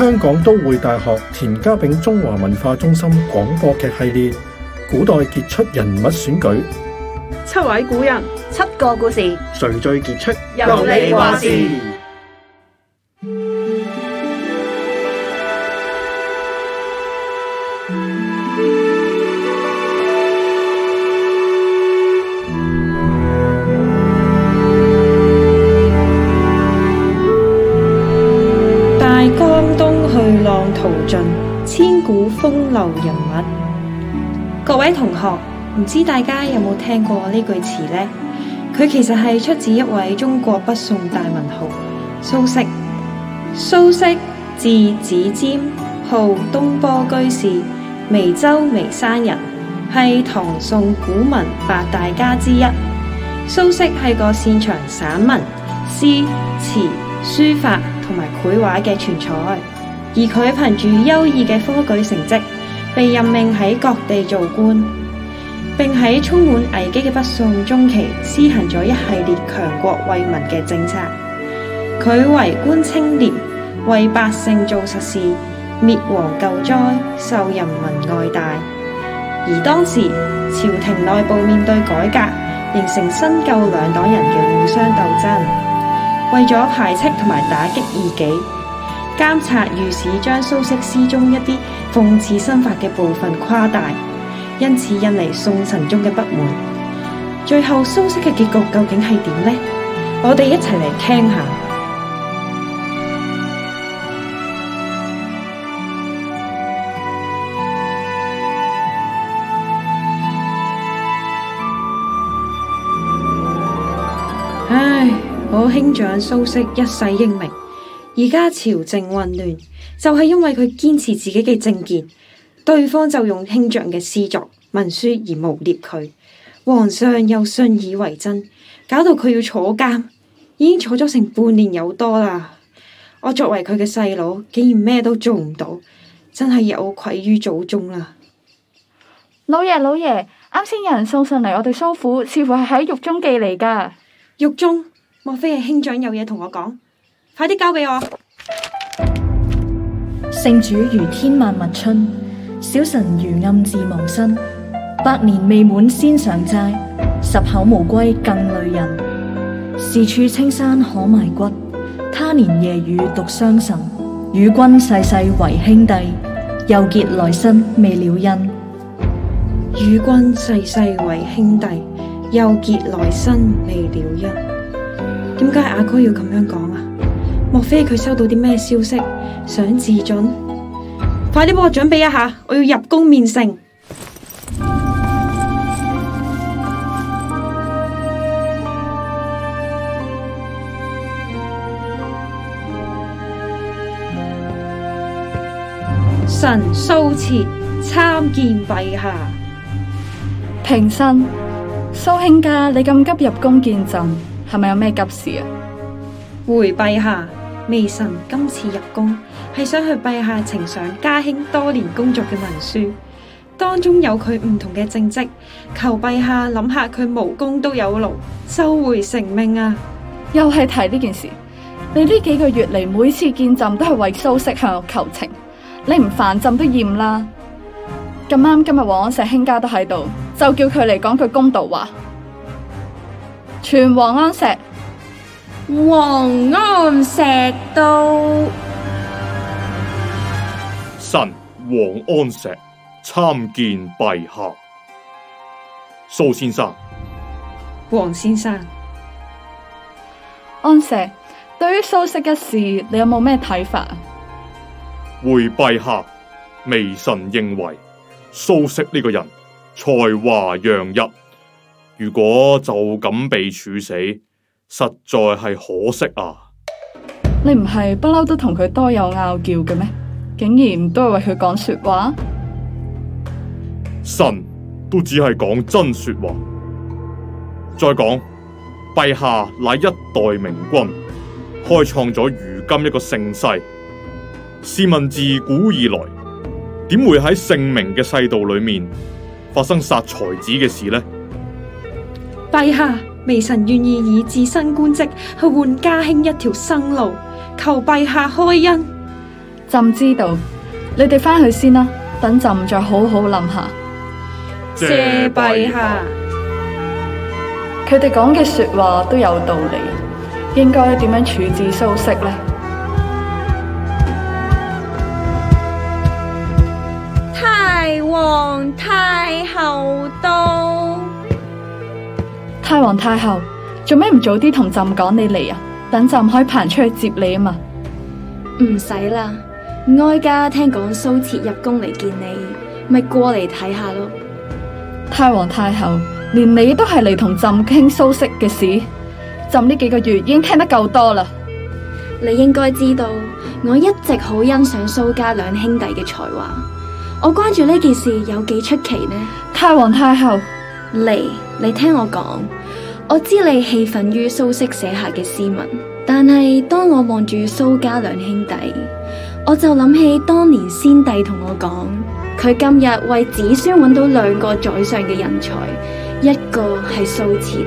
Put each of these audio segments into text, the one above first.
香港都會大學田家炳中華文化中心廣播劇系列：古代傑出人物選舉，七位古人，七個故事，誰最傑出？由你話事。大江東。淘盡千古風流人物，各位同學，唔知大家有冇聽過呢句詞呢？佢其實係出自一位中國北宋大文豪蘇軾。蘇軾字子瞻，號東坡居士，眉州眉山人，係唐宋古文八大家之一。蘇軾係個擅長散文、詩詞、書、書法同埋繪畫嘅全才。而佢憑住優異嘅科舉成績，被任命喺各地做官，並喺充滿危機嘅北宋中期施行咗一系列強國為民嘅政策。佢為官清廉，為百姓做實事，滅蝗救災，受人民愛戴。而當時朝廷內部面對改革，形成新舊兩黨人嘅互相鬥爭，為咗排斥同埋打擊異己。監察御史將蘇軾詩中一啲諷刺新法嘅部分誇大，因此引嚟宋神宗嘅不滿。最後蘇軾嘅結局究竟係點呢？我哋一齊嚟聽下。唉，我兄長蘇軾一世英明。而家朝政混亂，就係因為佢堅持自己嘅政見，對方就用兄長嘅詩作文書而誣衊佢，皇上又信以為真，搞到佢要坐監，已經坐咗成半年有多啦。我作為佢嘅細佬，竟然咩都做唔到，真係有愧於祖宗啦。老爺老爺，啱先有人送上嚟我哋蘇府，似乎係喺獄中寄嚟噶，獄中莫非係兄長有嘢同我講？快啲交俾我！聖主如天萬物春，小臣如暗自亡身。百年未滿先償債，十口無歸更累人。是處青山可埋骨，他年夜雨獨傷神。與君世世為兄弟，又結來生未了因。與君世世為兄弟，又結來生未了因。點解阿哥要咁樣講啊？莫非佢收到啲咩消息，想自盡？快啲幫我準備一下，我要入宮面聖。臣蘇轍參見陛下，平身。蘇卿家，你咁急入宮見朕，係咪有咩急事啊？回陛下。微臣今次入宮，係想向陛下呈上家兄多年工作嘅文書，當中有佢唔同嘅政績，求陛下諗下佢無功都有勞，收回成命啊！又係提呢件事，你呢幾個月嚟，每次見朕都係為蘇軾向我求情，你唔煩朕都厭啦！咁啱今日王安石卿家都喺度，就叫佢嚟講句公道話，全王安石。王安石到，臣王安石參見陛下。蘇先生，王先生，安石，對於蘇軾嘅事，你有冇咩睇法？回陛下，微臣認為蘇軾呢個人才華洋溢，如果就咁被處死。實在係可惜啊！你唔係不嬲都同佢多有拗撬嘅咩？竟然都係為佢講說話，神都只係講真話說話。再講陛下，乃一代明君，開創咗如今一個盛世。試問自古以來，點會喺聖明嘅世道裏面發生殺才子嘅事呢？陛下。微臣願意以自身官職去換家兄一條生路，求陛下開恩。朕知道，你哋返去先啦，等朕再好好諗下。謝陛下。佢哋講嘅說話都有道理，應該點樣處置蘇軾呢？太皇太后都。太皇太后，做咩唔早啲同朕講你嚟啊？等朕可以派人出去接你啊嘛？唔使啦，哀家聽講蘇轍入宮嚟見你，咪過嚟睇下咯。太皇太后，連你都係嚟同朕傾蘇軾嘅事，朕呢幾個月已經聽得夠多啦。你應該知道，我一直好欣賞蘇家兩兄弟嘅才華，我關注呢件事有幾出奇呢？太皇太后，嚟，你聽我講。我知你氣憤於蘇軾寫下嘅詩文，但係當我望住蘇家兩兄弟，我就諗起當年先帝同我講，佢今日為子孫揾到兩個宰相嘅人才，一個係蘇轍，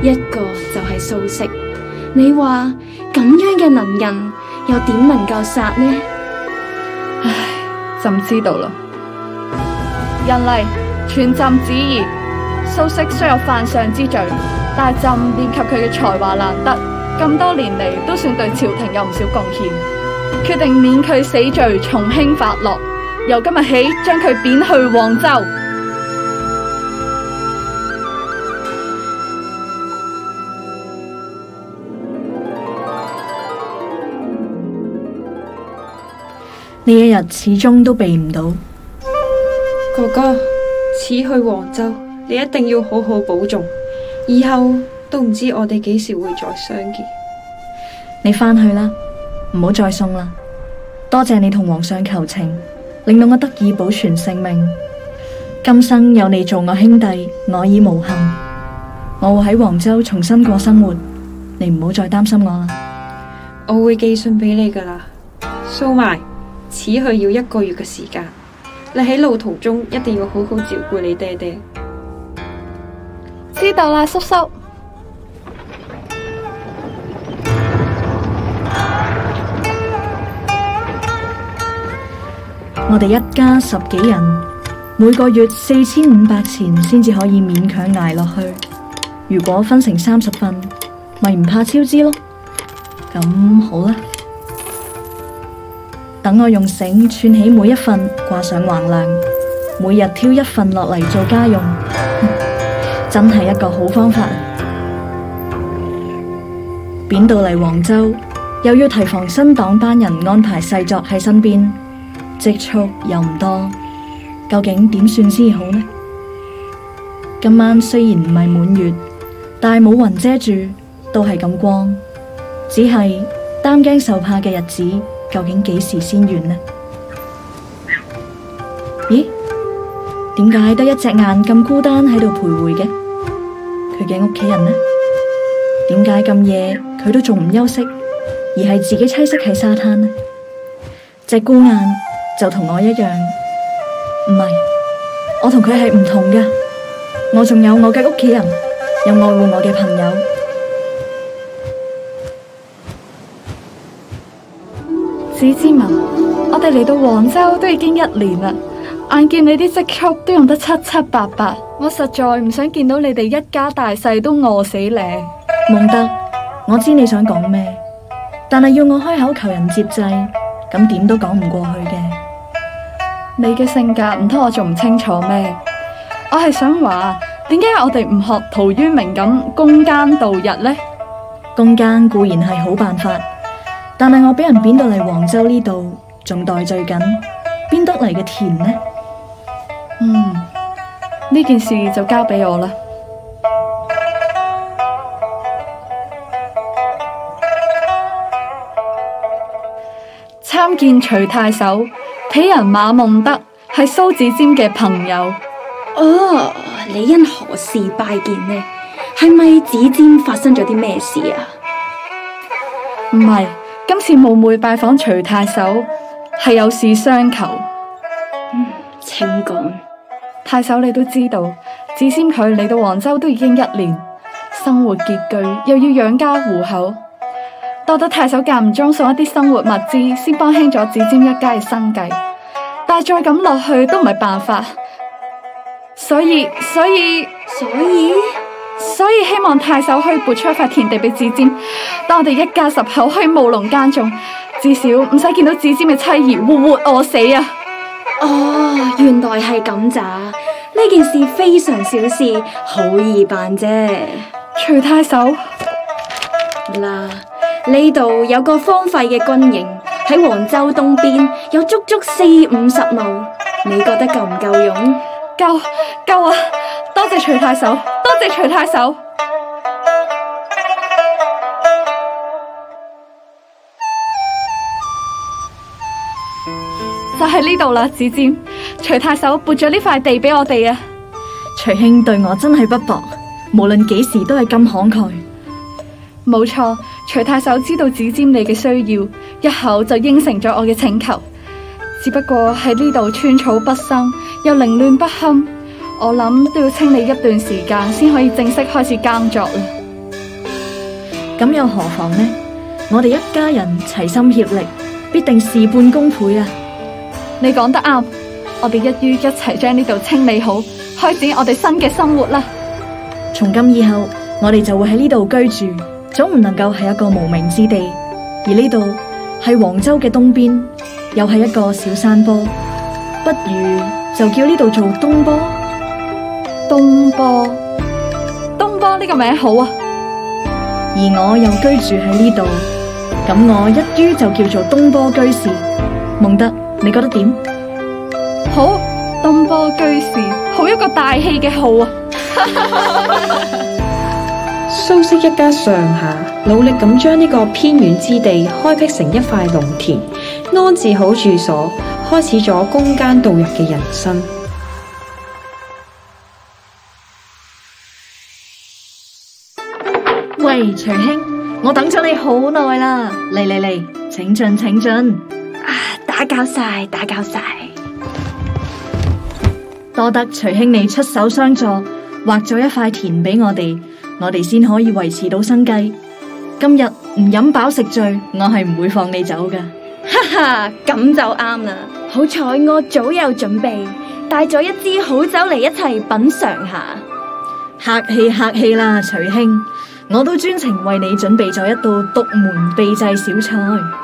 一個就係蘇軾。你話咁樣嘅能人，又點能夠殺呢？唉，朕知道啦。人嚟，傳朕旨意，蘇軾雖有犯上之罪。但朕念及佢嘅才華難得，咁多年嚟，都算對朝廷有唔少貢獻，決定免佢死罪，從輕發落，由今日起將佢貶去黃州。呢一日始終都避唔到。哥哥，此去黃州，你一定要好好保重。以後都唔知我哋幾時會再相見，你翻去啦，唔好再送啦。多謝你同皇上求情，令到我得以保存性命。今生有你做我兄弟，我已無憾。我會喺黃州重新過生活，嗯、你唔好再擔心我啦。我會寄信俾你噶啦，蘇邁，此去要一個月嘅時間，你喺路途中一定要好好照顧你爹爹。知道啦，叔叔。我哋一家十幾人，每個月四千五百錢先至可以勉強捱落去。如果分成三十份，咪唔怕超支咯。咁好啦，等我用繩串起每一份，掛上橫梁，每日挑一份落嚟做家用。真係一個好方法。貶到嚟黃州，又要提防新黨班人安排細作喺身邊，積蓄又唔多，究竟點算先好呢？今晚雖然唔係滿月，但冇雲遮住，都係咁光。只係擔驚受怕嘅日子，究竟幾時先完呢？咦？點解得一隻眼咁孤單喺度徘徊嘅？佢嘅屋企人呢？點解咁夜佢都仲唔休息，而係自己棲息喺沙灘呢？隻孤雁就同我一樣，唔係，我同佢係唔同嘅。我仲有我嘅屋企人，有愛護我嘅朋友。子之文，我哋嚟到黃州都已經一年啦。眼見你啲積蓄都用得七七八八，我實在唔想見到你哋一家大細都餓死咧。蒙德，我知你想講咩，但係要我開口求人接濟，咁點都講唔過去嘅。你嘅性格唔通我仲唔清楚咩？我係想話，點解我哋唔學陶淵明咁躬耕度日呢？躬耕固然係好辦法，但係我俾人貶到嚟黃州呢度，仲待罪緊，邊得嚟嘅田呢？嗯，呢件事就交俾我啦。參見徐太守，鄙人馬孟德係蘇子瞻嘅朋友。哦，你因何事拜見呢？係咪子瞻發生咗啲咩事啊？唔係。嗯，今次冒昧拜訪徐太守，係有事相求。嗯聽講，太守你都知道，子瞻佢嚟到黃州都已經一年，生活拮據，又要養家糊口，多得太守間唔中送一啲生活物資，先幫輕咗子瞻一家嘅生計。但係再咁落去都唔係辦法，所以所以所以所以，所以希望太守可以撥出一塊田地俾子瞻，當我哋一家十口去務農耕種，至少唔使見到子瞻嘅妻兒活活餓死啊！哦，原來係咁咋？呢件事非常小事，好易辦啫。徐太守，嗱，呢度有個荒廢嘅軍營喺黃州東邊，有足足四五十畝，你覺得夠唔夠用？夠，夠啊！多謝徐太守，多謝徐太守。就喺呢度啦，子瞻，徐太守撥咗呢塊地俾我哋啊！徐兄對我真係不薄，無論幾時都係咁慷慨。冇錯，徐太守知道子瞻你嘅需要，一口就應承咗我嘅請求。只不過喺呢度寸草不生，又凌亂不堪，我諗都要清理一段時間先可以正式開始耕作啦。咁又何妨呢？我哋一家人齊心協力，必定事半功倍啊！你講得啱，我哋一於一齊將呢度清理好，開始我哋新嘅生活啦。從今以後，我哋就會喺呢度居住，總唔能夠係一個無名之地。而呢度係黃州嘅東邊，又係一個小山坡，不如就叫呢度做東坡。東坡、東坡呢個名字好啊。而我又居住喺呢度，咁我一於就叫做東坡居士孟德。你覺得點？好，東坡居士，好一個大氣嘅號啊！蘇 軾一家上下努力咁將呢個偏遠之地開闢成一塊農田，安置好住所，開始咗躬耕度日嘅人生。喂，徐兄，我等咗你好耐啦！嚟嚟嚟，請進，請進。打攪晒，打攪晒。多得徐兄你出手相助，劃咗一塊田俾我哋，我哋先可以維持到生計。今日唔飲飽食醉，我係唔會放你走㗎。哈哈，咁就啱啦。好彩我早有準備，帶咗一支好酒嚟，一齊品嘗下。客氣客氣啦，徐兄，我都專程為你準備咗一道獨門秘製小菜。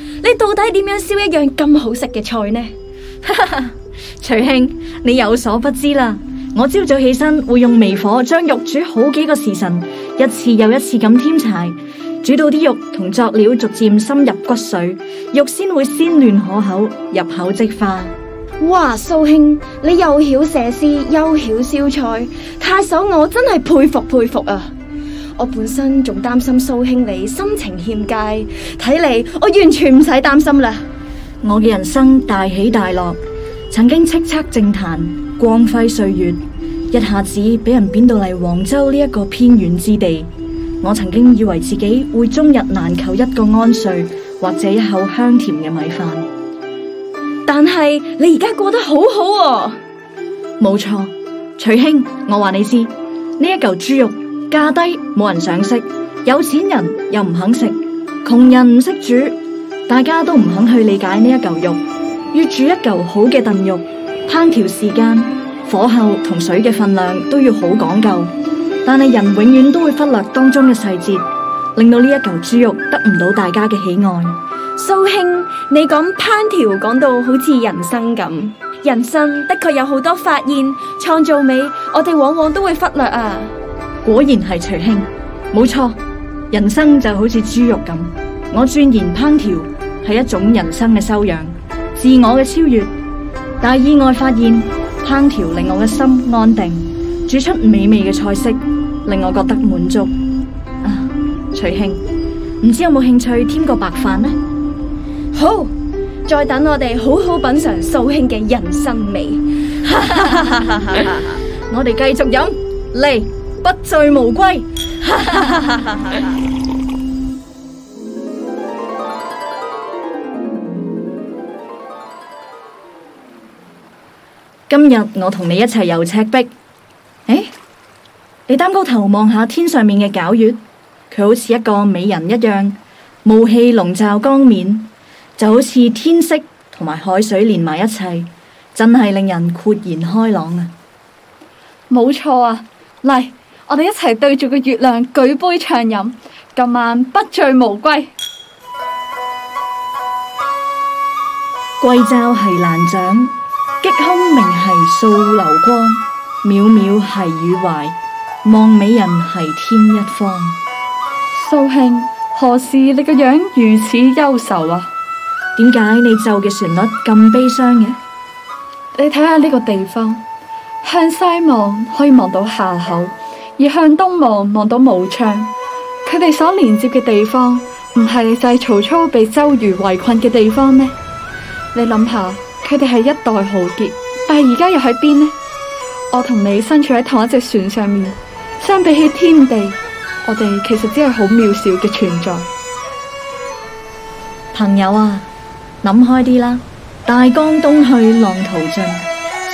你到底點樣燒一樣咁好食嘅菜呢？哈哈，徐兄，你有所不知啦，我朝早起身會用微火將肉煮好幾個時辰，一次又一次咁添柴，煮到啲肉同作料逐漸深入骨髓，肉先會鮮嫩可口，入口即化。哇，蘇兄，你又曉寫詩，又曉燒菜，太守我真係佩服佩服啊！我本身仲擔心蘇兄你心情欠佳，睇嚟我完全唔使擔心啦。我嘅人生大起大落，曾經叱咤政壇，光輝歲月，一下子俾人貶到嚟黃州呢一個偏遠之地。我曾經以為自己會終日難求一個安睡，或者一口香甜嘅米飯。但係你而家過得好好喎。冇錯，徐兄，我話你知，呢一嚿豬肉。價低冇人想食，有錢人又唔肯食，窮人唔識煮，大家都唔肯去理解呢一嚿肉。要煮一嚿好嘅燉肉，烹調時間、火候同水嘅份量都要好講究。但係人永遠都會忽略當中嘅細節，令到呢一嚿豬肉得唔到大家嘅喜愛。蘇兄，你講烹調講到好似人生咁，人生的確有好多發現、創造美，我哋往往都會忽略啊。果然係徐兄，冇錯。人生就好似豬肉咁，我鑽研烹調係一種人生嘅修養，自我嘅超越。但係意外發現，烹調令我嘅心安定，煮出美味嘅菜式令我覺得滿足。啊，徐兄，唔知有冇興趣添個白飯呢？好，再等我哋好好品嘗蘇兄嘅人生味。我哋繼續飲，嚟。不醉無歸。 今日我同你一齊遊赤壁。欸，你擔高頭望下天上面嘅皎月，佢好似一個美人一樣，霧氣籠罩江面，就好似天色同埋海水連埋一齊，真係令人豁然開朗啊！冇錯啊，嚟。我哋一齊對住個月亮舉杯暢飲，今晚不醉無歸。桂棹兮蘭槳，擊空明兮溯流光。渺渺兮予懷，望美人兮天一方。蘇兄，何時你個樣如此憂愁啊？點解你奏嘅旋律咁悲傷嘅？你睇下呢個地方，向西望可以望到夏口，而向東望，望到武昌，佢哋所連接嘅地方，唔係就係曹操被周瑜圍困嘅地方咩？你諗下，佢哋係一代豪傑，但係而家又喺邊呢？我同你身處喺同一隻船上面，相比起天地，我哋其實只係好渺小嘅存在。朋友啊，諗開啲啦，大江東去，浪淘盡，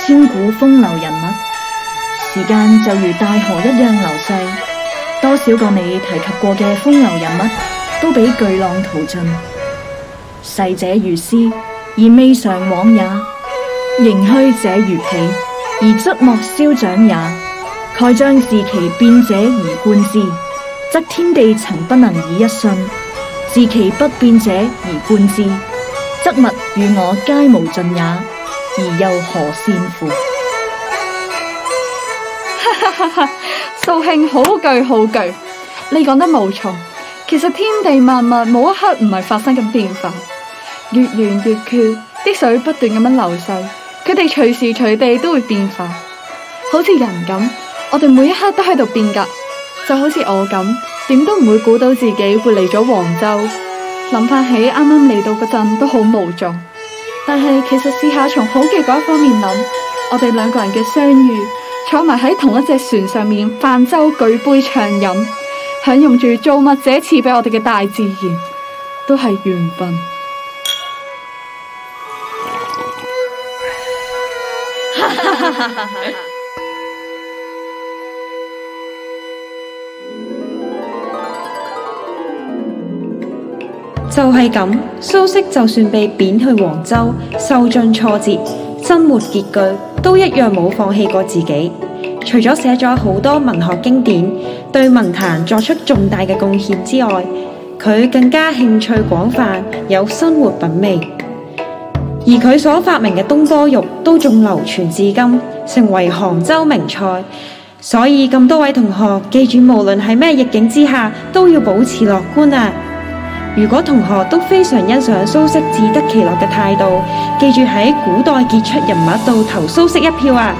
千古風流人物。時間就如大河一樣流逝，多少個你提及過嘅風流人物，都俾巨浪淘盡。逝者如斯，而未嘗往也；盈虛者如彼，而卒莫消長也。蓋將自其變者而觀之，則天地曾不能以一瞬；自其不變者而觀之，則物與我皆無盡也。而又何羨乎？哈哈，壽慶 好攰好攰，你講得無錯。其實天地萬物冇一刻唔係發生緊變化，月圓月缺啲水不斷咁樣流逝，佢哋隨時隨地都會變化，好似人咁，我哋每一刻都喺度變噶。就好似我咁，點都唔會估到自己會嚟咗黃州。諗翻起啱啱嚟到嗰陣都好無措，但係其實試下從好嘅嗰一方面諗，我哋兩個人嘅相遇。坐埋喺同一隻船上面泛舟，舉杯暢飲，享用住造物者賜畀我哋嘅大自然，都係緣份。 就係咁，蘇軾就算被貶去黃州，受盡挫折，生活拮據，都一樣冇放棄過自己，除咗寫咗好多文學經典，對文壇作出重大嘅貢獻之外，佢更加興趣廣泛，有生活品味。而佢所發明嘅東坡肉都仲流傳至今，成為杭州名菜。所以咁多位同學，記住，無論喺咩逆境之下，都要保持樂觀啊！如果同學都非常欣賞蘇軾自得其樂嘅態度，記住喺古代傑出人物度投蘇軾一票啊！